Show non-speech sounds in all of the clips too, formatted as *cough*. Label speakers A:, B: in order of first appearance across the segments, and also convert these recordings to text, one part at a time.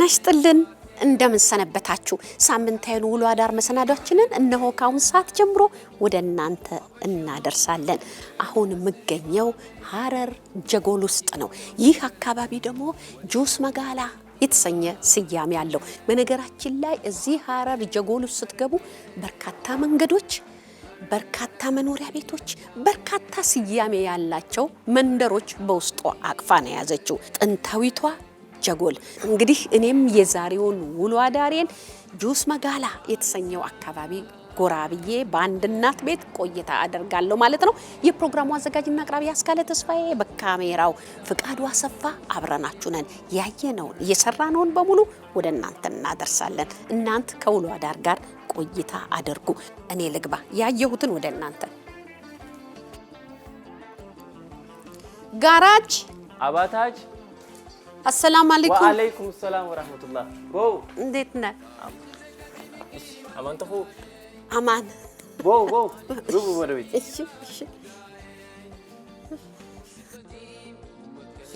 A: ጤና ይስጥልን እንደምን ሰነበታችሁ። ሳምንታዊን ውሎ አዳር መሰናዷችንን እነሆ ካሁን ሰዓት ጀምሮ ወደ እናንተ እናደርሳለን። አሁን የምገኘው ሀረር ጀጎል ውስጥ ነው። ይህ አካባቢ ደግሞ ጁስ መጋላ የተሰኘ ስያሜ አለው። በነገራችን ላይ እዚህ ሀረር ጀጎል ውስጥ ስትገቡ በርካታ መንገዶች፣ በርካታ መኖሪያ ቤቶች፣ በርካታ ስያሜ ያላቸው መንደሮች በውስጡ አቅፋ ነው የያዘችው ጥንታዊቷ ጀጎል እንግዲህ እኔም የዛሬውን ውሎ አዳሬን ጁስ መጋላ የተሰኘው አካባቢ ጎራ ብዬ በአንድ እናት ቤት ቆይታ አደርጋለሁ ማለት ነው። የፕሮግራሙ አዘጋጅና አቅራቢ አስካለ ተስፋዬ፣ በካሜራው ፍቃዱ አሰፋ። አብረናችሁ ነን። ያየነውን እየሰራነውን በሙሉ ወደ እናንተ እናደርሳለን። እናንት ከውሎ አዳር ጋር ቆይታ አድርጉ። እኔ ልግባ ያየሁትን ወደ እናንተ ጋራጅ አባታጅ አሰላም አለይኩም።
B: ወአለይኩም ሰላም ወራህመቱላህ። ቦው እንዴት ነህ? አማን ተፉ አማን። ቦው ቦው ግቡ ወደ ቤት። እሺ እሺ።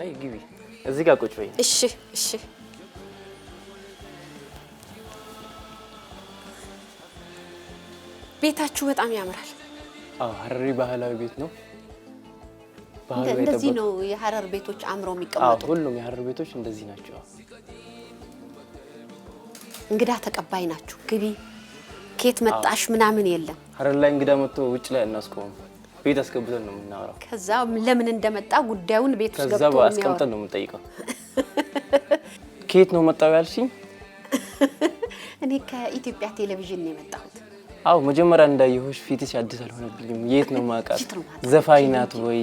B: አይ ግቢ፣ እዚህ ጋር ቁጭ በይ።
A: እሺ እሺ። ቤታችሁ በጣም ያምራል።
B: አዎ ሀረሪ ባህላዊ ቤት ነው።
A: እንደዚህ ነው የሀረር ቤቶች አምረው የሚቀመጡ።
B: ሁሉም የሀረር ቤቶች እንደዚህ ናቸው።
A: እንግዳ ተቀባይ ናችሁ። ግቢ ኬት መጣሽ ምናምን የለም።
B: ሀረር ላይ እንግዳ መጥቶ ውጭ ላይ እናስቆሙ ቤት አስገብተን ነው የምናወራው።
A: ከዛ ለምን እንደመጣ ጉዳዩን ቤት
B: ውስጥ አስቀምጠን ነው የምንጠይቀው። ኬት ነው መጣው ያልሽኝ?
A: እኔ ከኢትዮጵያ ቴሌቪዥን ነው የመጣው
B: አዎ መጀመሪያ እንዳየሁሽ ፊትሽ አዲስ አልሆነብኝም። የት ነው ማውቃት? ዘፋኝ ናት ወይ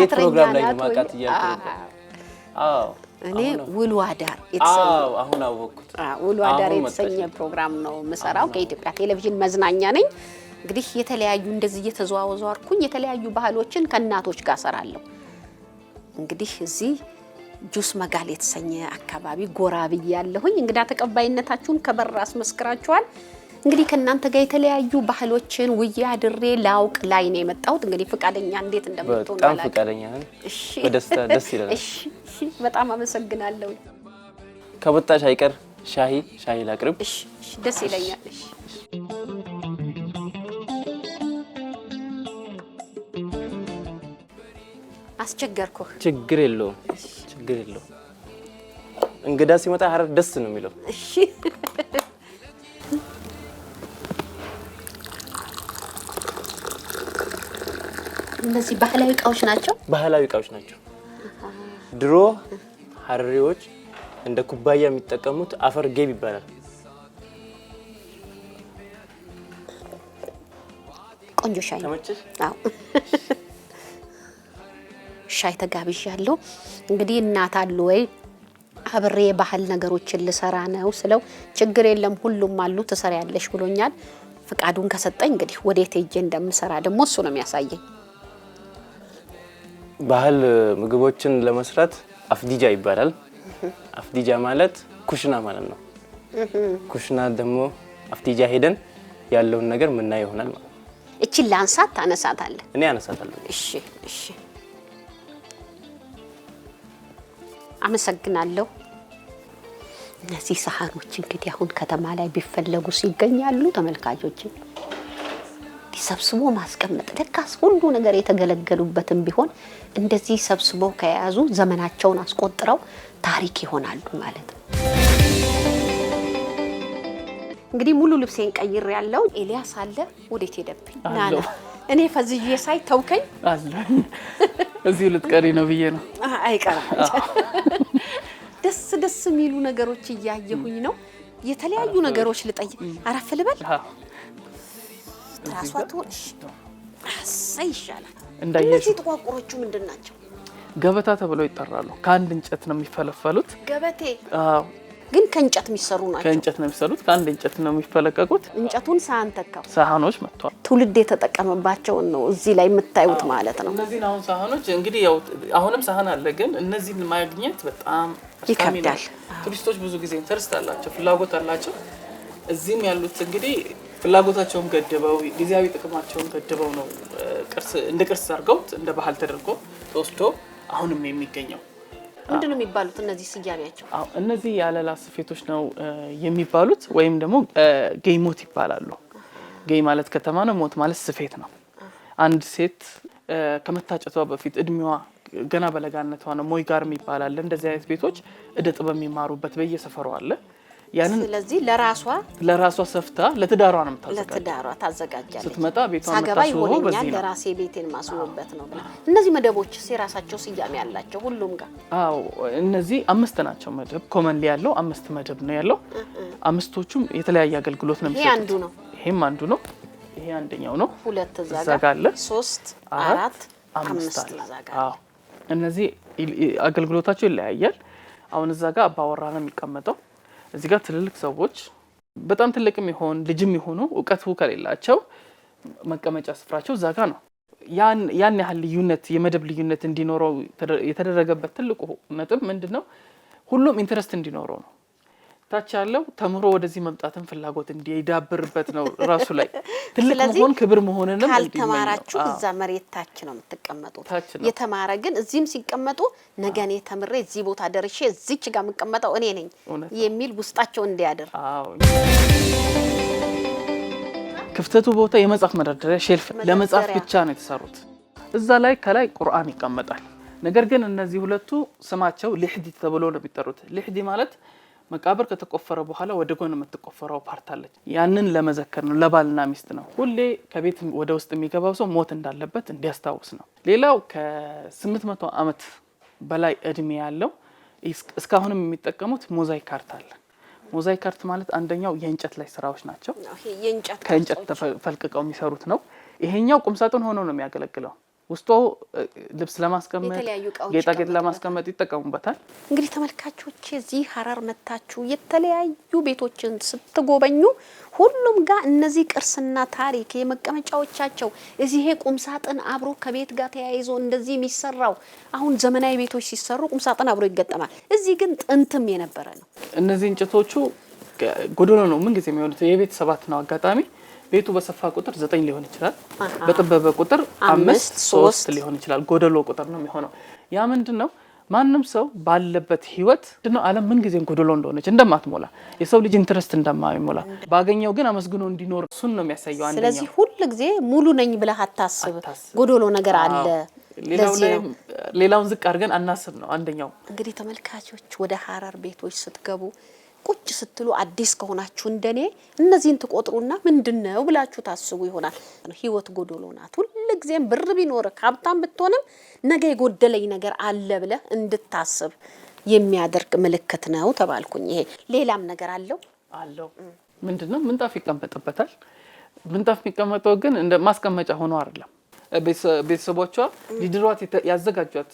B: የት ፕሮግራም ላይ ነው ማውቃት እያልኩ
A: እኔ ውሎ አዳር
B: አሁን አወቅኩት።
A: ውሎ አዳር የተሰኘ ፕሮግራም ነው የምሰራው ከኢትዮጵያ ቴሌቪዥን መዝናኛ ነኝ። እንግዲህ የተለያዩ እንደዚህ እየተዘዋወርኩኝ የተለያዩ ባህሎችን ከእናቶች ጋር ሰራለሁ። እንግዲህ እዚህ ጁስ መጋል የተሰኘ አካባቢ ጎራ ብያለሁኝ። እንግዳ ተቀባይነታችሁን ከበር አስመስክራችኋል። እንግዲህ ከእናንተ ጋር የተለያዩ ባህሎችን ውዬ አድሬ ላውቅ ላይ ነው የመጣሁት። እንግዲህ ፍቃደኛ እንዴት እንደምትሆን
B: በጣም ፍቃደኛ ነን። በደስታ ደስ ይለናል።
A: በጣም አመሰግናለሁ።
B: ከመጣሽ አይቀር ሻሂ ሻሂ ላቅርብ።
A: ደስ ይለኛል። አስቸገርኩ
B: ችግር የለውም፣ ችግር የለውም። እንግዳ ሲመጣ ሀረር ደስ ነው የሚለው።
A: እነዚህ ባህላዊ እቃዎች ናቸው።
B: ባህላዊ እቃዎች ናቸው። ድሮ ሀረሪዎች እንደ ኩባያ የሚጠቀሙት አፈር ጌብ ይባላል።
A: ቆንጆ ሻይ ነው። አዎ ሻይ ተጋብዣለሁ። እንግዲህ እናት አሉ ወይ አብሬ የባህል ነገሮችን ልሰራ ነው ስለው ችግር የለም ሁሉም አሉ ትሰሪያለሽ ብሎኛል። ፍቃዱን ከሰጠኝ እንግዲህ ወዴት ሄጄ እንደምሰራ ደግሞ እሱ ነው የሚያሳየኝ።
B: ባህል ምግቦችን ለመስራት አፍዲጃ ይባላል። አፍዲጃ ማለት ኩሽና ማለት ነው። ኩሽና ደግሞ አፍዲጃ ሄደን ያለውን ነገር ምናይ ይሆናል ማለት
A: ነው። እቺን ላንሳት ታነሳታለህ?
B: እኔ አነሳታለሁ። እሺ፣ እሺ።
A: አመሰግናለሁ። እነዚህ ሰሃኖች እንግዲህ አሁን ከተማ ላይ ቢፈለጉ ሲገኛሉ ተመልካቾችን ሰብስቦ ማስቀመጥ ለካስ ሁሉ ነገር የተገለገሉበትም ቢሆን እንደዚህ ሰብስቦ ከያዙ ዘመናቸውን አስቆጥረው ታሪክ ይሆናሉ ማለት ነው። እንግዲህ ሙሉ ልብሴን ቀይር ያለው ኤልያስ አለ። ወዴት ሄደብኝ? ናና እኔ ፈዝዬ ሳይ ተውከኝ
B: አለ። እዚሁ ልትቀሪ ነው ብዬ ነው።
A: አይቀርም። ደስ ደስ የሚሉ ነገሮች እያየሁኝ ነው። የተለያዩ ነገሮች ልጠይቅ አረፍ ልበል ራሷ ትወጭ አሳ ይሻላል። እነዚህ ጥቋቁሮቹ ምንድን ናቸው?
B: ገበታ ተብለው ይጠራሉ። ከአንድ እንጨት ነው የሚፈለፈሉት።
A: ገበቴ ግን ከእንጨት የሚሰሩ ናቸው።
B: ከእንጨት ነው የሚሰሩት። ከአንድ እንጨት ነው የሚፈለቀቁት።
A: እንጨቱን ሳህን ተካው
B: ሳህኖች መጥተዋል።
A: ትውልድ የተጠቀመባቸውን ነው እዚህ ላይ የምታዩት ማለት ነው።
B: እነዚህን አሁን ሳህኖች እንግዲህ ያው አሁንም ሳህን አለ፣ ግን እነዚህን ማግኘት በጣም ይከብዳል። ቱሪስቶች ብዙ ጊዜ ኢንተርስት አላቸው፣ ፍላጎት አላቸው። እዚህም ያሉት እንግዲህ ፍላጎታቸውን ገድበው ጊዜያዊ ጥቅማቸውን ገድበው ነው እንደ ቅርስ አድርገውት እንደ ባህል ተደርጎ ተወስዶ አሁንም የሚገኘው።
A: ምንድን ነው የሚባሉት እነዚህ ስያሜያቸው?
B: እነዚህ የአለላ ስፌቶች ነው የሚባሉት ወይም ደግሞ ገይ ሞት ይባላሉ። ገይ ማለት ከተማ ነው፣ ሞት ማለት ስፌት ነው። አንድ ሴት ከመታጨቷ በፊት እድሜዋ ገና በለጋነቷ ነው ሞይ ጋርም ይባላል። እንደዚህ አይነት ቤቶች እደ ጥበብ የሚማሩበት በየሰፈሩ አለ።
A: ያንን ስለዚህ ለራሷ
B: ለራሷ ሰፍታ ለትዳሯ ነው የምታዘጋጀው።
A: ለትዳሯ ታዘጋጃለች።
B: ስትመጣ ቤቷን
A: ሳገባ ይሆነኛል ለራሴ ቤቴን ማስወበት ነው ብላ። እነዚህ መደቦችስ የራሳቸው ስያሜ ያላቸው ሁሉም ጋር?
B: አዎ እነዚህ አምስት ናቸው። መደብ ኮመን ላይ ያለው አምስት መደብ ነው ያለው። አምስቶቹም የተለያየ አገልግሎት ነው
A: የሚሰጡት። አንዱ ነው፣
B: ይሄም አንዱ ነው፣ ይሄ አንደኛው ነው።
A: ሁለት እዛ ጋር አለ። ሶስት አራት
B: አምስት እዛ ጋር። አዎ እነዚህ አገልግሎታቸው ይለያያል። አሁን እዛ ጋር አባወራ ነው የሚቀመጠው እዚህ ጋር ትልልቅ ሰዎች በጣም ትልቅም የሆን ልጅም የሆኑ እውቀቱ ከሌላቸው መቀመጫ ስፍራቸው እዛ ጋር ነው። ያን ያህል ልዩነት የመደብ ልዩነት እንዲኖረው የተደረገበት ትልቁ ነጥብ ምንድን ነው? ሁሉም ኢንትረስት እንዲኖረው ነው። ታች ያለው ተምሮ ወደዚህ መምጣትን ፍላጎት እንዲዳብርበት ነው። ራሱ ላይ *laughs* ትልቅ መሆን ክብር መሆንንም
A: ካልተማራችሁ እዛ መሬት ታች ነው የምትቀመጡት። የተማረ ግን እዚህም ሲቀመጡ ነገ እኔ ተምሬ እዚህ ቦታ ደርሼ እዚች ጋር የምቀመጠው እኔ ነኝ የሚል ውስጣቸው እንዲያድር
B: ክፍተቱ ቦታ የመጽሐፍ መደርደሪያ ሼልፍ ለመጽሐፍ ብቻ ነው የተሰሩት። እዛ ላይ ከላይ ቁርአን ይቀመጣል። ነገር ግን እነዚህ ሁለቱ ስማቸው ልሕዲ ተብሎ ነው የሚጠሩት። ልሕዲ ማለት መቃብር ከተቆፈረ በኋላ ወደ ጎን የምትቆፈረው ፓርት አለች። ያንን ለመዘከር ነው፣ ለባልና ሚስት ነው። ሁሌ ከቤት ወደ ውስጥ የሚገባው ሰው ሞት እንዳለበት እንዲያስታውስ ነው። ሌላው ከ800 ዓመት በላይ እድሜ ያለው እስካሁንም የሚጠቀሙት ሞዛይ ካርት አለ። ሞዛይ ካርት ማለት አንደኛው የእንጨት ላይ ስራዎች ናቸው። ከእንጨት ፈልቅቀው የሚሰሩት ነው። ይሄኛው ቁምሳጥን ሆኖ ነው የሚያገለግለው። ውስጡ ልብስ ለማስቀመጥ ጌጣጌጥ ለማስቀመጥ ይጠቀሙበታል።
A: እንግዲህ ተመልካቾች እዚህ ሀረር መታችሁ የተለያዩ ቤቶችን ስትጎበኙ ሁሉም ጋር እነዚህ ቅርስና ታሪክ የመቀመጫዎቻቸው እዚህ ቁምሳጥን አብሮ ከቤት ጋር ተያይዞ እንደዚህ የሚሰራው አሁን ዘመናዊ ቤቶች ሲሰሩ ቁምሳጥን አብሮ ይገጠማል። እዚህ ግን ጥንትም የነበረ ነው።
B: እነዚህ እንጨቶቹ ጎዶሎ ነው ምን ጊዜ የሚሆኑት የቤተሰባት ነው አጋጣሚ ቤቱ በሰፋ ቁጥር ዘጠኝ ሊሆን ይችላል። በጠበበ ቁጥር አምስት ሶስት ሊሆን ይችላል። ጎደሎ ቁጥር ነው የሚሆነው። ያ ምንድን ነው? ማንም ሰው ባለበት ህይወት ነው ዓለም ምን ጊዜ ጎደሎ እንደሆነች እንደማትሞላ የሰው ልጅ ኢንትረስት እንደማይሞላ ባገኘው ግን አመስግኖ እንዲኖር እሱን ነው የሚያሳየው።
A: ስለዚህ ሁል ጊዜ ሙሉ ነኝ ብለህ አታስብ፣ ጎደሎ ነገር አለ።
B: ሌላውን ዝቅ አድርገን አናስብ ነው አንደኛው።
A: እንግዲህ ተመልካቾች ወደ ሀረር ቤቶች ስትገቡ ቁጭ ስትሉ አዲስ ከሆናችሁ እንደኔ እነዚህን ትቆጥሩና ምንድነው ብላችሁ ታስቡ ይሆናል። ህይወት ጎዶሎ ናት። ሁልጊዜም ብር ቢኖር ሀብታም ብትሆንም ነገ የጎደለኝ ነገር አለ ብለህ እንድታስብ የሚያደርግ ምልክት ነው ተባልኩኝ። ይሄ ሌላም ነገር አለው
B: አለው ምንድን ነው ምንጣፍ ይቀመጥበታል። ምንጣፍ የሚቀመጠው ግን እንደ ማስቀመጫ ሆኖ አይደለም። ቤተሰቦቿ ሊድሯት ያዘጋጇት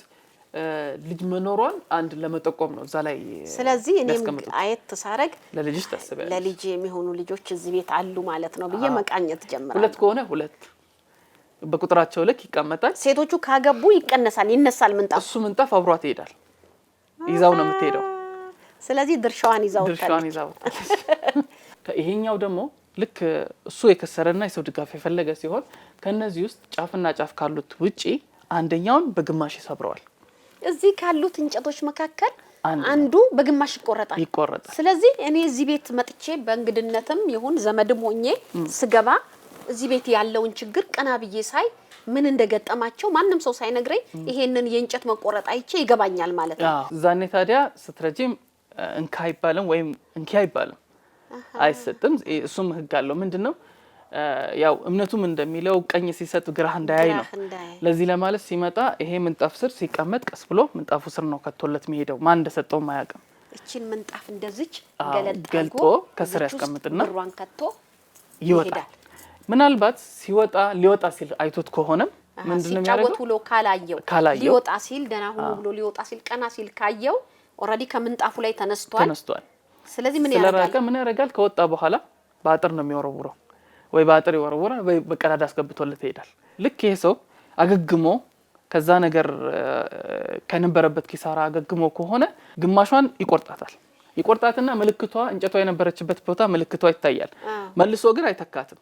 B: ልጅ መኖሯን አንድ ለመጠቆም ነው እዛ ላይ።
A: ስለዚህ እኔም አየት ሳረግ
B: ለልጅሽ ታስበ
A: ለልጅ የሚሆኑ ልጆች እዚህ ቤት አሉ ማለት ነው ብዬ መቃኘት ጀምራል።
B: ሁለት ከሆነ ሁለት በቁጥራቸው ልክ ይቀመጣል።
A: ሴቶቹ ካገቡ ይቀነሳል፣ ይነሳል ምንጣፍ።
B: እሱ ምንጣፍ አብሯት ይሄዳል፣ ይዛው ነው የምትሄደው።
A: ስለዚህ ድርሻዋን ይዛው
B: ድርሻዋን ይዛው። *laughs* ይሄኛው ደግሞ ልክ እሱ የከሰረና የሰው ድጋፍ የፈለገ ሲሆን ከነዚህ ውስጥ ጫፍና ጫፍ ካሉት ውጪ አንደኛውን በግማሽ ይሰብረዋል።
A: እዚህ ካሉት እንጨቶች መካከል አንዱ በግማሽ ይቆረጣል ይቆረጣል። ስለዚህ እኔ እዚህ ቤት መጥቼ በእንግድነትም ይሁን ዘመድም ሆኜ ስገባ እዚህ ቤት ያለውን ችግር ቀና ብዬ ሳይ ምን እንደገጠማቸው ማንም ሰው ሳይነግረኝ ይሄንን የእንጨት መቆረጥ አይቼ ይገባኛል ማለት
B: ነው። እዛኔ ታዲያ ስትረጂም እንካ አይባልም ወይም እንኪ አይባልም አይሰጥም። እሱም ህግ አለው ምንድን ነው ያው እምነቱም እንደሚለው ቀኝ ሲሰጥ ግራህ እንዳያይ ነው። ለዚህ ለማለት ሲመጣ ይሄ ምንጣፍ ስር ሲቀመጥ ቀስ ብሎ ምንጣፉ ስር ነው ከቶለት የሚሄደው ማን እንደሰጠውም አያውቅም።
A: እችን ምንጣፍ እንደዚች
B: ገልጦ ከስር ያስቀምጥና ሯን ከቶ ይወጣል። ምናልባት ሲወጣ ሊወጣ ሲል አይቶት ከሆነም
A: ሲጫወት የሚያደርገው? ውሎ ካላየው ሊወጣ ሲል ደህና ሁኑ ብሎ ሊወጣ ሲል ቀና ሲል ካየው ኦልሬዲ ከምንጣፉ ላይ ተነስቷል ተነስቷል። ስለዚህ ምን
B: ያደርጋል? ምን ያደርጋል? ከወጣ በኋላ በአጥር ነው የሚወረውረው ወይ በአጥር ይወረውራል ወይ በቀዳዳ አስገብቶለት ይሄዳል። ልክ ይሄ ሰው አገግሞ ከዛ ነገር ከነበረበት ኪሳራ አገግሞ ከሆነ ግማሿን ይቆርጣታል። ይቆርጣትና ምልክቷ እንጨቷ የነበረችበት ቦታ ምልክቷ ይታያል። መልሶ ግን አይተካትም።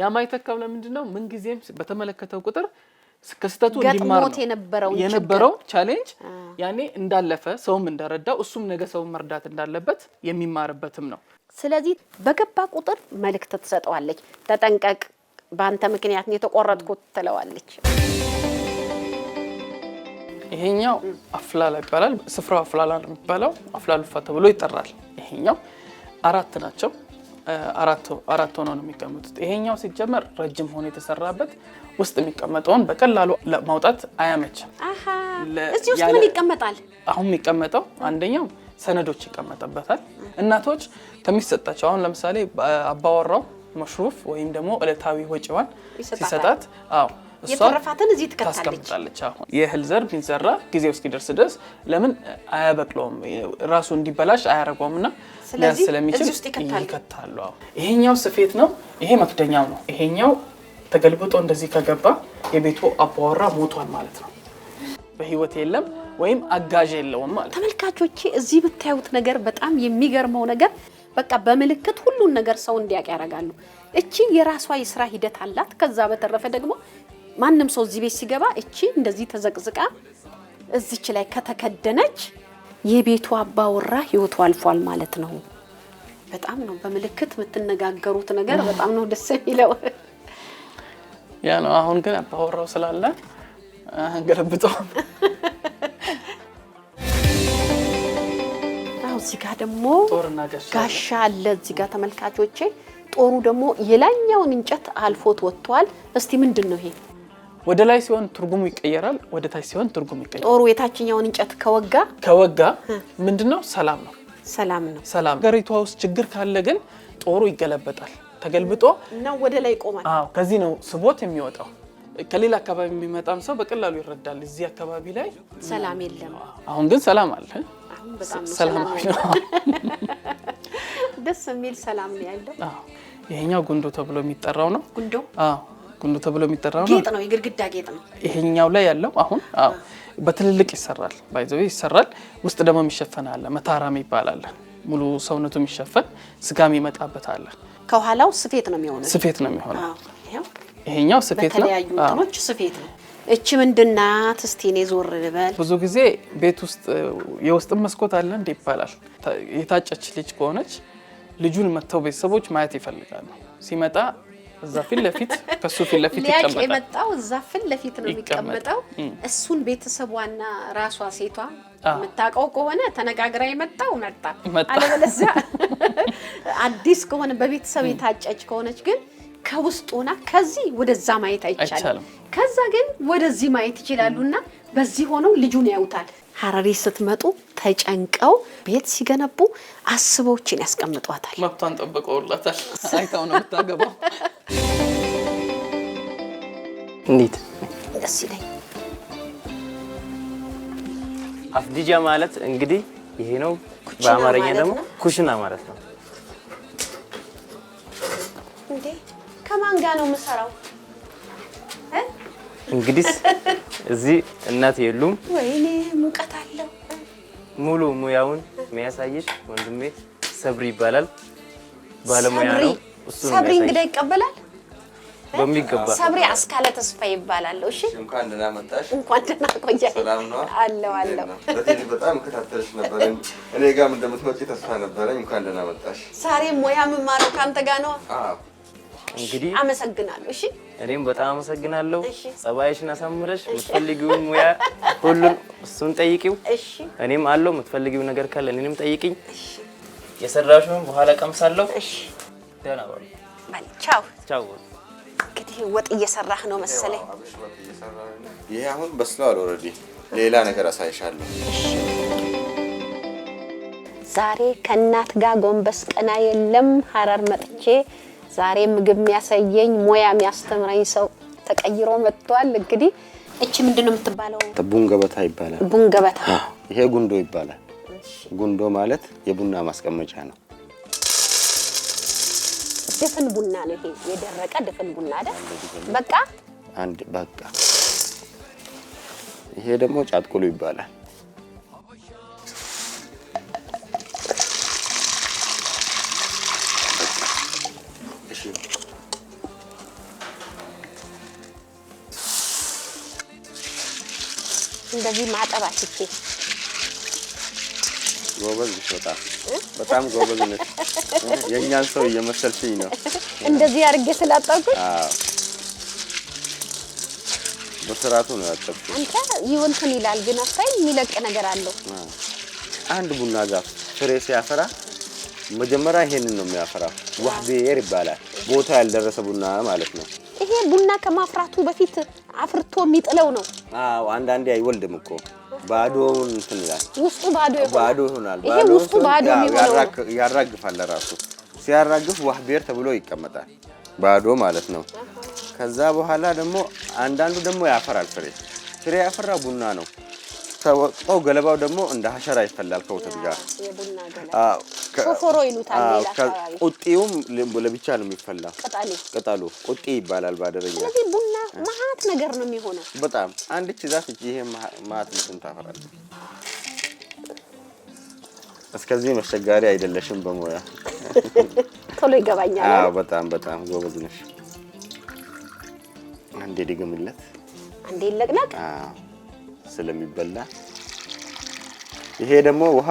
B: ያ ማይተካው ለምንድን ነው? ምንጊዜም በተመለከተው ቁጥር ከስህተቱ እንዲማር የነበረው ቻሌንጅ ያኔ እንዳለፈ ሰውም እንደረዳው እሱም ነገ ሰውም መርዳት እንዳለበት የሚማርበትም ነው።
A: ስለዚህ በገባ ቁጥር መልእክት ትሰጠዋለች። ተጠንቀቅ፣ በአንተ ምክንያት የተቆረጥኩት ትለዋለች።
B: ይሄኛው አፍላላ ይባላል። ስፍራው አፍላላ ነው የሚባለው። አፍላሉፋ ተብሎ ይጠራል። ይሄኛው አራት ናቸው። አራት ሆነው ነው የሚቀመጡት። ይሄኛው ሲጀመር ረጅም ሆኖ የተሰራበት ውስጥ የሚቀመጠውን በቀላሉ ማውጣት አያመችም።
A: እዚህ ውስጥ ምን ይቀመጣል?
B: አሁን የሚቀመጠው አንደኛው ሰነዶች ይቀመጠበታል። እናቶች ከሚሰጣቸው አሁን ለምሳሌ አባወራው መሽሩፍ ወይም ደግሞ እለታዊ ወጪዋን ሲሰጣት፣ አዎ
A: እዚህ ትከታለች።
B: አሁን የእህል ዘር ቢዘራ ጊዜው እስኪደርስ ድረስ ለምን አያበቅለውም? ራሱ እንዲበላሽ አያደርገውም እና
A: ሊያንስ ስለሚችል
B: ይከታሉ። ይሄኛው ስፌት ነው። ይሄ መክደኛው ነው። ይሄኛው ተገልብጦ እንደዚህ ከገባ የቤቱ አባወራ ሞቷል ማለት ነው፣ በህይወት የለም። ወይም አጋዥ የለውም ማለት።
A: ተመልካቾቼ እዚህ ብታዩት ነገር በጣም የሚገርመው ነገር በቃ በምልክት ሁሉን ነገር ሰው እንዲያውቅ ያደርጋሉ። እቺ የራሷ የስራ ሂደት አላት። ከዛ በተረፈ ደግሞ ማንም ሰው እዚህ ቤት ሲገባ እቺ እንደዚህ ተዘቅዝቃ እዚች ላይ ከተከደነች የቤቱ አባወራ ህይወቱ አልፏል ማለት ነው። በጣም ነው በምልክት የምትነጋገሩት ነገር በጣም ነው ደስ የሚለው።
B: ያ ነው። አሁን ግን አባወራው ስላለ ገለብጠው *laughs*
A: እዚህ ጋር ደግሞ ጋሻ አለ እዚህ ጋር ተመልካቾቼ። ጦሩ ደግሞ የላይኛውን እንጨት አልፎት ወጥቷል። እስቲ ምንድን ነው ይሄ?
B: ወደ ላይ ሲሆን ትርጉሙ ይቀየራል፣ ወደ ታች ሲሆን ትርጉሙ ይቀየራል።
A: ጦሩ የታችኛውን እንጨት ከወጋ
B: ከወጋ ምንድነው? ሰላም ነው፣ ሰላም ነው፣ ሰላም። ሀገሪቷ ውስጥ ችግር ካለ ግን ጦሩ ይገለበጣል፣ ተገልብጦ
A: እና ወደ ላይ ይቆማል።
B: አዎ፣ ከዚህ ነው ስቦት የሚወጣው። ከሌላ አካባቢ የሚመጣም ሰው በቀላሉ ይረዳል። እዚህ አካባቢ ላይ ሰላም የለም። አሁን ግን ሰላም አለ።
A: አሁን በጣም ሰላም ነው። *laughs* ደስ የሚል ሰላም ነው ያለው።
B: ይሄኛው ጉንዶ ተብሎ የሚጠራው ነው። ጉንዶ ጉንዶ ተብሎ የሚጠራው ነው።
A: ጌጥ ነው፣ የግድግዳ ጌጥ ነው።
B: ይሄኛው ላይ ያለው አሁን በትልልቅ ይሰራል፣ ባይዘው ይሰራል። ውስጥ ደግሞ የሚሸፈን አለ፣ መታራም ይባላል። ሙሉ ሰውነቱ የሚሸፈን ስጋም ይመጣበት አለ።
A: ከኋላው ስፌት ነው የሚሆነው፣
B: ስፌት ነው የሚሆነው። ይሄኛው ስፌት
A: ነው፣ ስፌት ነው። እች ምንድናት? እስቲ እኔ ዞር ልበል።
B: ብዙ ጊዜ ቤት ውስጥ የውስጥን መስኮት አለ እንዴ ይባላል። የታጨች ልጅ ከሆነች ልጁን መጥተው ቤተሰቦች ማየት ይፈልጋሉ። ሲመጣ እዛ ፊት ለፊት ከሱ ፊት ለፊት ይቀመጣል።
A: የመጣው እዛ ፊት ለፊት ነው የሚቀመጠው። እሱን ቤተሰቧና ራሷ ሴቷ የምታውቀው ከሆነ ተነጋግራ የመጣው መጣ፣ አለበለዚያ አዲስ ከሆነ በቤተሰብ የታጨች ከሆነች ግን ከውስጥ ሆና ከዚህ ወደዛ ማየት አይቻልም። ከዛ ግን ወደዚህ ማየት እና በዚህ ሆነው ልጁን ያዩታል። ሀረሪ ስትመጡ ተጨንቀው ቤት ሲገነቡ አስበውችን ያስቀምጧታል።
B: መብቷን ጠብቀውላታል። ሳይታው ነው የምታገባው። እንዴት ደስ ይለኝ። አፍዲጃ ማለት እንግዲህ ይሄ ነው፣ በአማርኛ ደግሞ ኩሽና ማለት ነው።
A: ከማን ጋር ነው የምሰራው?
B: እንግዲህ እዚህ እናት የሉም።
A: ወይኔ ሙቀት አለው።
B: ሙሉ ሙያውን የሚያሳየሽ ወንድሜ ሰብሪ ይባላል። ባለሙያ ነው።
A: ሰብሪ እንግዳ ይቀበላል በሚገባ። ሰብሪ አስካለ ተስፋ ይባላል። እሺ፣
B: እንኳን ደህና መጣሽ።
A: እንኳን ደህና ቆያሽ። ሰላም ነው አለው አለው።
B: በጣም ከታተልሽ ነበር። እኔ ጋርም እንደምትመጪ ተስፋ ነበረኝ። እንኳን ደህና መጣሽ።
A: ዛሬ ሙያ የምማረው ከአንተ ጋር ነው። አዎ እንግዲህ አመሰግናለሁ። እሺ
B: እኔም በጣም አመሰግናለሁ። ጸባይሽን አሳምረሽ የምትፈልጊውን ሙያ ሁሉን እሱን ጠይቂው። እኔም አለው የምትፈልጊው ነገር ካለ እኔንም ጠይቂኝ። የሰራሽውን በኋላ ቀምሳለሁ። ደህና በሉ። ቻው ቻው።
A: እንግዲህ ወጥ እየሰራህ ነው መሰለኝ።
B: ይሄ አሁን ኦልሬዲ ሌላ ነገር አሳይሻለሁ።
A: ዛሬ ከእናት ጋር ጎንበስ ቀና የለም ሀረር መጥቼ ዛሬ ምግብ የሚያሳየኝ ሙያ የሚያስተምረኝ ሰው ተቀይሮ መጥቷል። እንግዲህ እቺ ምንድን ነው የምትባለው?
B: ቡን ገበታ ይባላል። ቡን ገበታ። ይሄ ጉንዶ ይባላል። ጉንዶ ማለት የቡና ማስቀመጫ ነው።
A: ድፍን ቡና ነው ይሄ፣ የደረቀ ድፍን ቡና አይደል? በቃ
B: አንድ በቃ። ይሄ ደግሞ ጫጥቁሉ ይባላል።
A: እንደዚህ ማጠብ አትቼ
B: ጎበዝ ሾጣ በጣም ጎበዝ ነሽ። የእኛን ሰው እየመሰልሽኝ ነው።
A: እንደዚህ አድርጌ ስላጠብኩኝ በስርዓቱ ነው ያጠብኩት። አንተ ይወንትን ይላል ግን አፍታይ የሚለቅ ነገር አለው።
B: አንድ ቡና ዛፍ ፍሬ ሲያፈራ መጀመሪያ ይሄንን ነው የሚያፈራው። ዋህቤር ይባላል። ቦታ ያልደረሰ ቡና ማለት ነው።
A: ይሄ ቡና ከማፍራቱ በፊት አፍርቶ የሚጥለው ነው።
B: አዎ አንዳንዴ አይወልድም እኮ ባዶውን እንትን ይላል። ውስጡ ባዶ ባዶ ይሆናል።
A: ይሄ ውስጡ ባዶ
B: የሚሆነው ያራግፋል። ለራሱ ሲያራግፍ ዋህ ብሔር ተብሎ ይቀመጣል። ባዶ ማለት ነው። ከዛ በኋላ ደግሞ አንዳንዱ ደግሞ ያፈራል ፍሬ። ፍሬ ያፈራ ቡና ነው። ተወቅጦ ገለባው ደግሞ እንደ ሀሸራ ይፈላል ከወተት ጋር።
A: ፎፎሮ ይሉታል።
B: ቁጤውም ለብቻ ነው የሚፈላ ቅጠሉ ቁጤ ይባላል ባደረኛ።
A: ስለዚህ ቡና መሀት ነገር ነው የሚሆነው።
B: በጣም አንድች ዛፍ ይሄ መሀት እንትን ታፈራለች። እስከዚህ መሸጋሪ አይደለሽም። በሞያ
A: ቶሎ ይገባኛል።
B: አዎ፣ በጣም በጣም ጎበዝ ነሽ። አንዴ ድግምለት፣
A: አንዴ ይለቅለቅ። አዎ
B: ስለሚበላ ይሄ ደግሞ ውሃ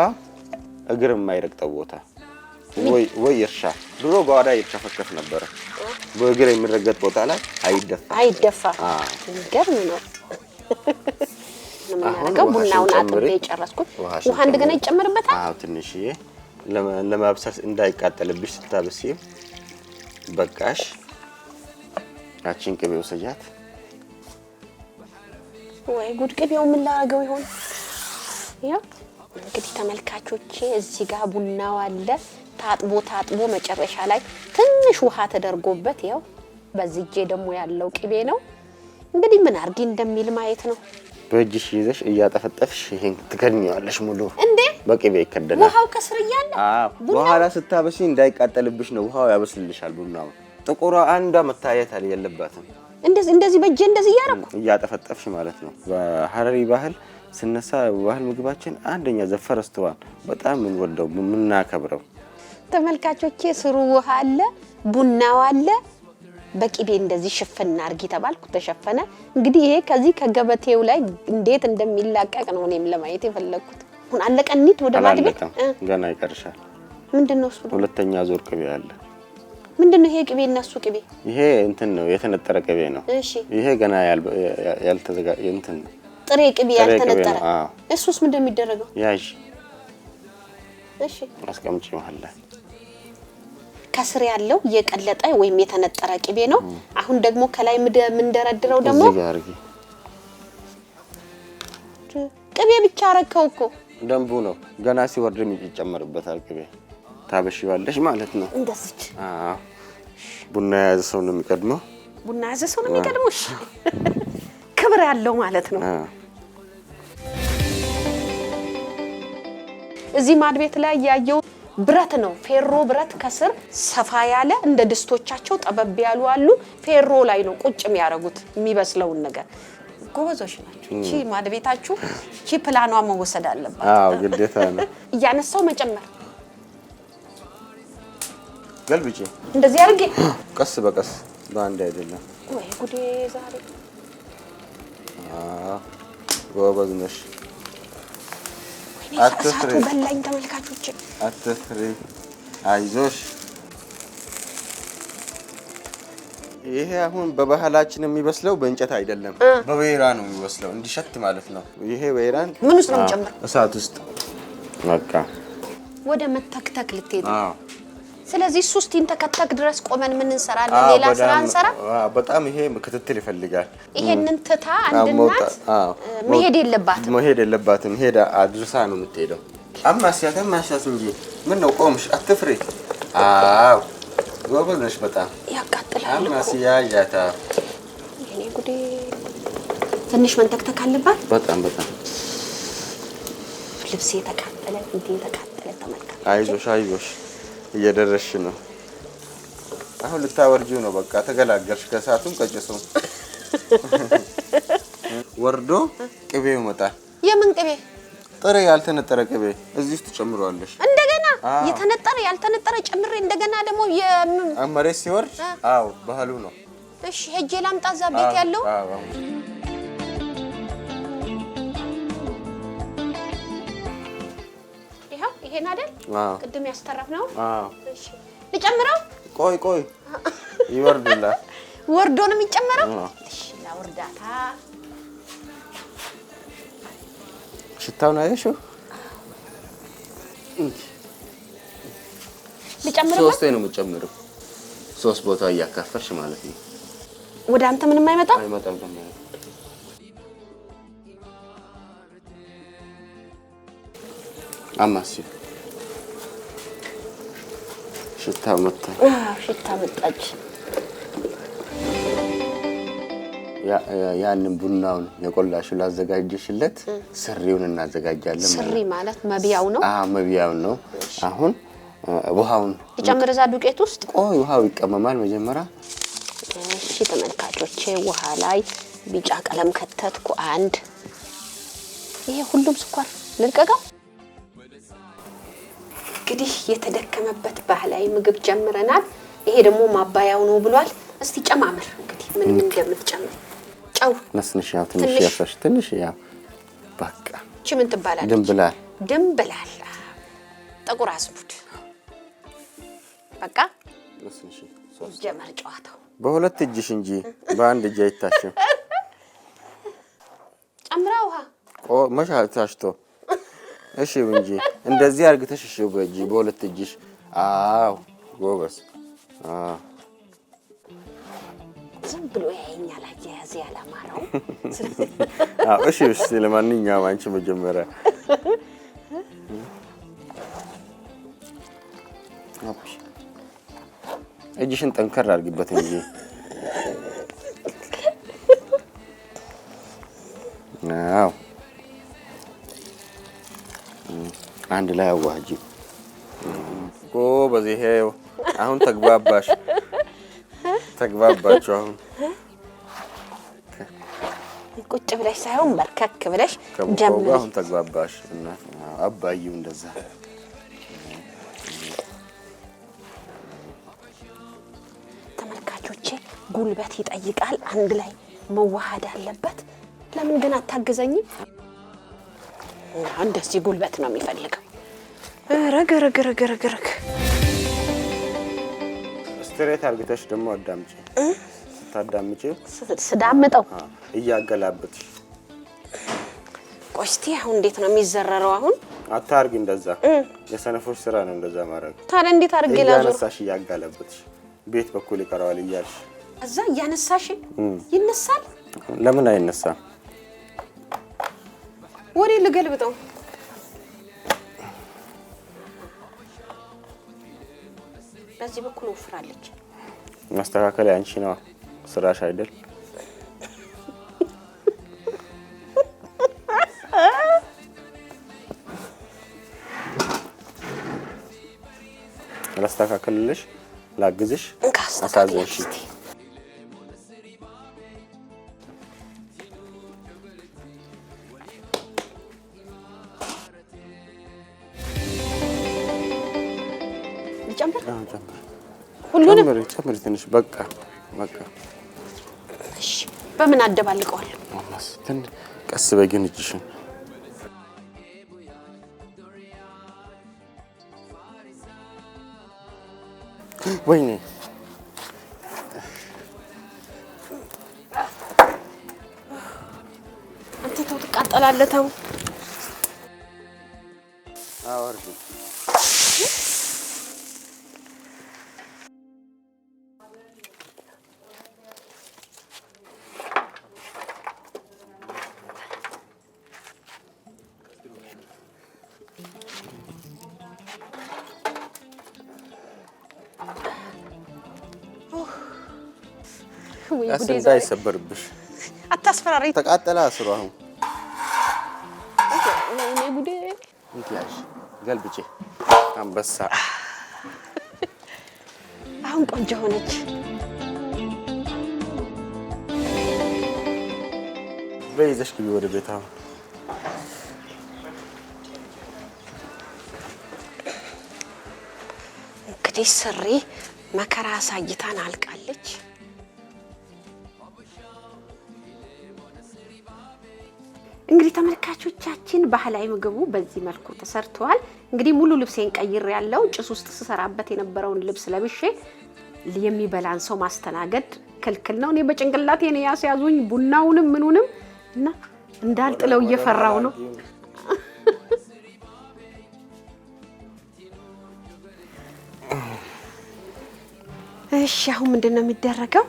B: እግር የማይረግጠው ቦታ ወይ እርሻ ድሮ ጓዳ ይጨፈከፍ ነበረ። በእግር የሚረገጥ ቦታ ላይ አይደፋ
A: አይደፋ። የሚገርም ነው። ምናደርገው ቡናውን አጥቤ የጨረስኩት ውሃ እንደገና ይጨመርበታል።
B: ትንሽ ትንሽዬ ለማብሰል እንዳይቃጠልብሽ ስታበሲም በቃሽ። ያቺን ቅቤ ውሰጃት።
A: ወይ ጉድ! ቅቤው ምን ላደርገው ይሆን? ያው እንግዲህ ተመልካቾቼ እዚህ ጋር ቡናው አለ ታጥቦ ታጥቦ መጨረሻ ላይ ትንሽ ውሃ ተደርጎበት ያው በዚህ እጄ ደግሞ ያለው ቅቤ ነው። እንግዲህ ምን አርጊ እንደሚል ማየት ነው።
B: በእጅሽ ይዘሽ እያጠፈጠፍሽ ይሄን ትከድኛለሽ። ሙሉ እንዴ በቅቤ ይከደናል።
A: ውሃው ከስር እያለ
B: በኋላ ስታበሲ እንዳይቃጠልብሽ ነው። ውሃው ያበስልልሻል። ቡናው ጥቁሯ አንዷ መታየት የለባትም
A: እንደዚህ እንደዚህ በእጄ እንደዚህ እያደረኩ
B: እያጠፈጠፍሽ ማለት ነው። በሀረሪ ባህል ስነሳ ባህል ምግባችን አንደኛ ዘፈረስት ዋን በጣም የምንወደው የምናከብረው።
A: ተመልካቾቼ ስሩ ውሃ አለ፣ ቡናው አለ። በቂቤ እንደዚህ ሽፍን አርጊ ተባልኩ፣ ተሸፈነ። እንግዲህ ይሄ ከዚህ ከገበቴው ላይ እንዴት እንደሚላቀቅ ነው እኔም ለማየት የፈለግኩት። አሁን አለቀኒት ወደ ማድቤት
B: ገና ይቀርሻል። ምንድን ነው እሱ? ሁለተኛ ዞር ቅቤ አለ
A: ምንድን ነው ይሄ ቅቤ? እና እሱ ቅቤ
B: ይሄ እንትን ነው የተነጠረ ቅቤ ነው። እሺ ይሄ ገና ያልተዘጋ እንትን
A: ጥሬ ቅቤ ያልተነጠረ። እሱስ ምንድን ነው የሚደረገው?
B: ያዥ። እሺ አስቀምጪ መሀል ላይ
A: ከስር ያለው የቀለጠ ወይም የተነጠረ ቅቤ ነው። አሁን ደግሞ ከላይ የምንደረድረው ደግሞ ቅቤ ብቻ አረከው እኮ
B: ደንቡ ነው። ገና ሲወርድ የሚጨመርበታል ቅቤ ታበሽ ታበሽዋለሽ ማለት ነው።
A: እንደዚህ አዎ
B: ቡና የያዘ ሰው ነው የሚቀድመው።
A: ቡና የያዘ ሰው ነው የሚቀድመው። እሺ፣ ክብር ያለው ማለት ነው። እዚህ ማድቤት ላይ ያየው ብረት ነው። ፌሮ ብረት ከስር ሰፋ ያለ እንደ ድስቶቻቸው ጠበብ ያሉ አሉ። ፌሮ ላይ ነው ቁጭ የሚያደርጉት የሚበስለውን ነገር። ጎበዞች ናቸው። እቺ ማድቤታችሁ እቺ ፕላኗ መወሰድ አለባት።
B: አዎ ግዴታ ነው።
A: እያነሳው መጨመር ገልብጬ እንደዚህ አድርጌ
B: ቀስ በቀስ በአንድ አይደለም።
A: ወይ ጉዴ ዛሬ ጎበዝ ነሽ። አትፍሪ፣ በላኝ ተመልካቾች፣
B: አትፍሪ፣ አይዞሽ። ይሄ አሁን በባህላችን የሚበስለው በእንጨት አይደለም፣ በወይራ ነው የሚበስለው፣ እንዲሸት ማለት ነው። ይሄ ወይራን
A: ምን ውስጥ ነው የሚጨምር?
B: እሳት ውስጥ በቃ
A: ወደ መተክተክ ልትሄድ ስለዚህ እሱ እስቲ እንተከተክ ድረስ ቆመን ምን እንሰራለን? ሌላ ስራ እንሰራ።
B: በጣም ይሄ ክትትል ይፈልጋል።
A: ይሄንን ትታ አንድ መሄድ የለባትም
B: መሄድ የለባትም። ሄዳ አድርሳ ነው የምትሄደው። አማስያት አማስያት እንጂ ምን ነው ቆምሽ፣ አትፍሪ። አዎ ጎበዝ ነሽ በጣም ያቃጥላል። አማስያ ያታ የኔ ጉዴ
A: ትንሽ መንተክተክ አለባት። በጣም በጣም ልብሴ ተቃጠለ፣ እንዴ ተቃጠለ። ተመልካች
B: አይዞሽ አይዞሽ እየደረስሽ ነው። አሁን ልታወርጂው ነው። በቃ ተገላገልሽ፣ ከእሳቱም ከጭሱም *laughs* ወርዶ ቅቤው ይመጣል። የምን ቅቤ? ጥሬ ያልተነጠረ ቅቤ እዚህ ውስጥ ጨምሯለሽ።
A: እንደገና የተነጠረ ያልተነጠረ ጨምሬ እንደገና ደግሞ
B: መሬት ሲወርድ። አዎ ባህሉ ነው።
A: እሺ ሄጄ ላምጣ እዛ ቤት ያለው ይሄን አይደል? ቅድም ያስተረፍ ነው። ልጨምረው?
B: ቆይ ቆይ፣ ይወርድላል። *laughs*
A: ወርዶ ነው የሚጨመረው? እሺ፣ ለውርዳታ አየሽው? ልጨምረው? ሶስቴ
B: ነው የምጨምረው። ሶስት ቦታ እያካፈልሽ ማለት ነው።
A: ወደ አንተ ምንም አይመጣም?
B: አይመጣም አማሲ ሽታ መጣች።
A: ሽታ መጣች።
B: ያንን ቡናውን የቆላሽው ላዘጋጀሽለት ስሪውን እናዘጋጃለን።
A: ስሪ ማለት መብያው ነው።
B: አዎ መብያው ነው። አሁን ውሃውን
A: ይጨምር እዛ ዱቄት ውስጥ።
B: ቆይ ውሃው ይቀመማል መጀመሪያ።
A: እሺ ተመልካቾቼ፣ ውሃ ላይ ቢጫ ቀለም ከተትኩ። አንድ ይሄ ሁሉም ስኳር ልልቀቀው እንግዲህ የተደከመበት ባህላዊ ምግብ ጀምረናል። ይሄ ደግሞ ማባያው ነው ብሏል። እስቲ ጨማምር እንግዲህ ምን እንደምትጨምር ጨው
B: ነስንሽ፣ ያው ትንሽ ያፈሽ ትንሽ ያው በቃ
A: እቺ ምን ትባላለች? ድንብላል ድንብላል፣ ጥቁር አዝሙድ በቃ ነስንሽ። ጀመር ጨዋታው
B: በሁለት እጅሽ እንጂ በአንድ እጅ አይታሽም። ጨምራ ውሃ ቆ መሻ ታሽቶ እሺ እንጂ እንደዚህ አርግተሽ እሺ፣ በእጅ በሁለት እጅሽ። አዎ ጎበዝ።
A: ዝም ብሎ ያየኛል፣ አያያዝ ያላማረው።
B: *laughs* እሺ እሺ። ለማንኛውም አንቺ መጀመሪያ እጅሽን ጠንከር አድርጊበት እንጂ አዎ አንድ ላይ አዋጅ እኮ በዚህ አሁን ተግባባሽ ተግባባችሁ። አሁን
A: ቁጭ ብለሽ ሳይሆን በርከክ ብለሽ
B: ጀምር። አሁን ተግባባሽ። እና አባዬው እንደዛ
A: ተመልካቾቼ፣ ጉልበት ይጠይቃል። አንድ ላይ መዋሃድ አለበት። ለምን ግን አታግዘኝም? እንደዚህ ጉልበት ነው የሚፈልገው። ረግ ረግ
B: ስትሬት አርግተሽ ደግሞ አዳምጪ። ስታዳምጪ ስዳምጠው እያገላብጥሽ
A: ቆስቲ አሁን እንዴት ነው የሚዘረረው? አሁን
B: አታርግ እንደዛ። የሰነፎች ስራ ነው እንደዛ ማድረግ።
A: ታዲያ እንዴት አርጌ ላዙር?
B: እያነሳሽ እያጋለበትሽ ቤት በኩል ይቀረዋል እያልሽ
A: እዛ እያነሳሽ ይነሳል።
B: ለምን አይነሳም?
A: ወዴ ልገልብጠው? በዚህ በኩል ወፍራለች።
B: ማስተካከል አንቺ ነዋ ስራሽ አይደል? *laughs* ላስተካከልልሽ፣ ላግዝሽ፣ አሳዘንሽ ጨምሪ ትንሽ። በቃ በቃ።
A: እሺ፣ በምን አደባልቀዋል?
B: ትን ቀስ በግን ግን እጅሽን ወይኔ
A: አንተ ተው፣ ትቃጠላለህ። ተው
B: ቀስ እንዳይሰበርብሽ አታስፈራሪ። ተቃጠለ አስሩ አሁን ገልብጬ አንበሳ
A: አሁን ቆንጆ ሆነች።
B: በይዘሽ ግቢ ወደ ቤት። አሁን
A: እንግዲህ ስሪ መከራ አሳይታን አልቃል እንግዲህ ተመልካቾቻችን ባህላዊ ምግቡ በዚህ መልኩ ተሰርቷል። እንግዲህ ሙሉ ልብሴን ቀይር ያለው ጭስ ውስጥ ስሰራበት የነበረውን ልብስ ለብሼ የሚበላን ሰው ማስተናገድ ክልክል ነው። እኔ በጭንቅላቴ ነው ያስያዙኝ ቡናውንም ምኑንም እና እንዳልጥለው እየፈራው ነው። እሺ አሁን ምንድን ነው የሚደረገው?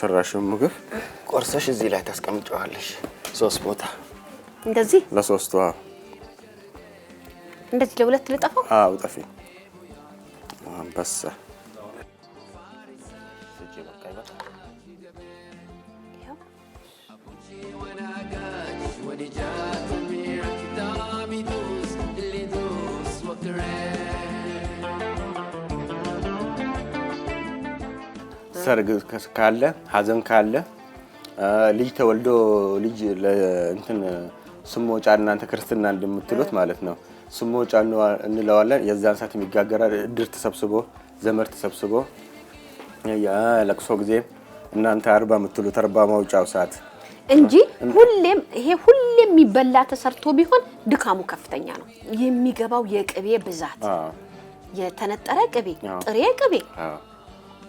B: የሰራሽውን ምግብ ቆርሰሽ እዚህ ላይ ታስቀምጨዋለሽ። ሶስት ቦታ እንደዚህ ለሶስቱ
A: እንደዚህ ለሁለት ልጠፋው።
B: አዎ ጠፊ አንበሳ ሰርግ ካለ ሀዘን ካለ ልጅ ተወልዶ ልጅ እንትን ጫ እናንተ ክርስትና እንደምትሉት ማለት ነው። ጫ እንለዋለን። የዛን ሰዓት የሚጋገራል እድር ተሰብስቦ ዘመድ ተሰብስቦ ለቅሶ ጊዜ እናንተ አርባ የምትሉት አርባ ማውጫው ሰዓት
A: እንጂ ሁሌም ይሄ ሁሌም የሚበላ ተሰርቶ ቢሆን ድካሙ ከፍተኛ ነው። የሚገባው የቅቤ ብዛት፣ የተነጠረ ቅቤ፣ ጥሬ ቅቤ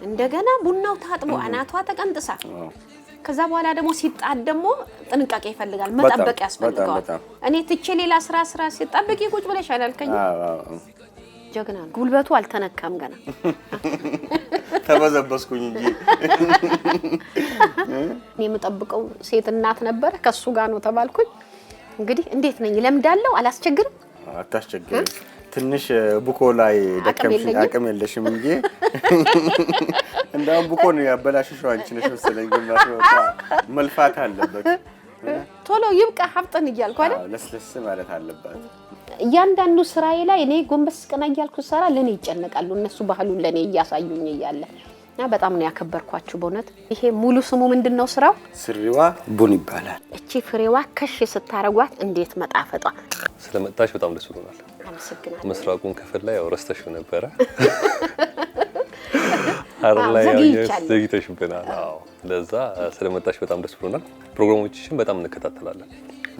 A: እንደገና ቡናው ታጥቦ አናቷ ተቀንጥሳ ከዛ በኋላ ደግሞ ሲጣድ ደግሞ ጥንቃቄ ይፈልጋል፣ መጠበቅ ያስፈልገዋል። እኔ ትቼ ሌላ ስራ ስራ ሲጠብቅ ቁጭ ብለሽ አላልከኝ። ጀግና ነው። ጉልበቱ አልተነካም ገና። *laughs*
B: ተበዘበስኩኝ እንጂ
A: *laughs* እኔ የምጠብቀው ሴት እናት ነበረ። ከሱ ጋር ነው ተባልኩኝ። እንግዲህ እንዴት ነኝ? ለምዳለው። አላስቸግርም።
B: አታስቸግርም ትንሽ ቡኮ ላይ አቅም የለሽም እንጂ *laughs* እንደውም ቡኮ ነው ያበላሽሽው አንቺ ነሽ መሰለኝ። መልፋት አለበት።
A: ቶሎ ይብቃ ሀብጥን እያልኩ አይደል?
B: ለስለስ ማለት አለባት።
A: እያንዳንዱ ስራዬ ላይ እኔ ጎንበስ ቀና እያልኩ ስራ ለእኔ ይጨነቃሉ እነሱ ባህሉን ለእኔ እያሳዩኝ እያለ እና በጣም ነው ያከበርኳችሁ በእውነት። ይሄ ሙሉ ስሙ ምንድን ነው? ስራው
B: ስሪዋ ቡን ይባላል።
A: እቺ ፍሬዋ ከሽ ስታረጓት እንዴት መጣፈጧ!
B: ስለመጣሽ በጣም ደስ ብሎናል። አመሰግናለሁ። ምስራቁን ክፍል ላይ ረስተሽ ነበረ *laughs* ዘግይተሽብናል። ለዛ ስለመጣሽ በጣም ደስ ብሎናል። ፕሮግራሞችሽን በጣም እንከታተላለን።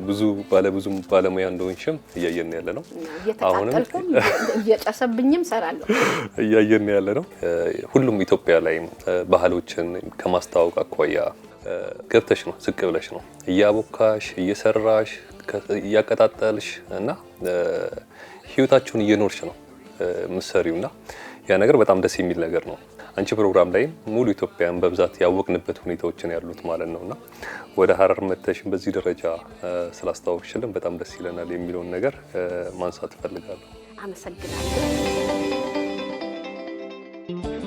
B: ብዙ ባለብዙ ባለሙያ እንደሆንሽም እያየን ያለ ነው።
A: እየተቃጠልኩም *laughs* እየጨሰብኝም ሰራለሁ
B: እያየን ያለ ነው። ሁሉም ኢትዮጵያ ላይ ባህሎችን ከማስተዋወቅ አኳያ ገብተሽ ነው ዝቅ ብለሽ ነው እያቦካሽ እየሰራሽ እያቀጣጠልሽ እና ህይወታችሁን እየኖርሽ ነው ምሰሪው እና ያ ነገር በጣም ደስ የሚል ነገር ነው። አንቺ ፕሮግራም ላይ ሙሉ ኢትዮጵያን በብዛት ያወቅንበት ሁኔታዎችን ያሉት ማለት ነው እና ወደ ሀረር መተሽን በዚህ ደረጃ ስላስተዋወቅሽልን በጣም ደስ ይለናል የሚለውን ነገር ማንሳት እፈልጋለሁ። አመሰግናለሁ።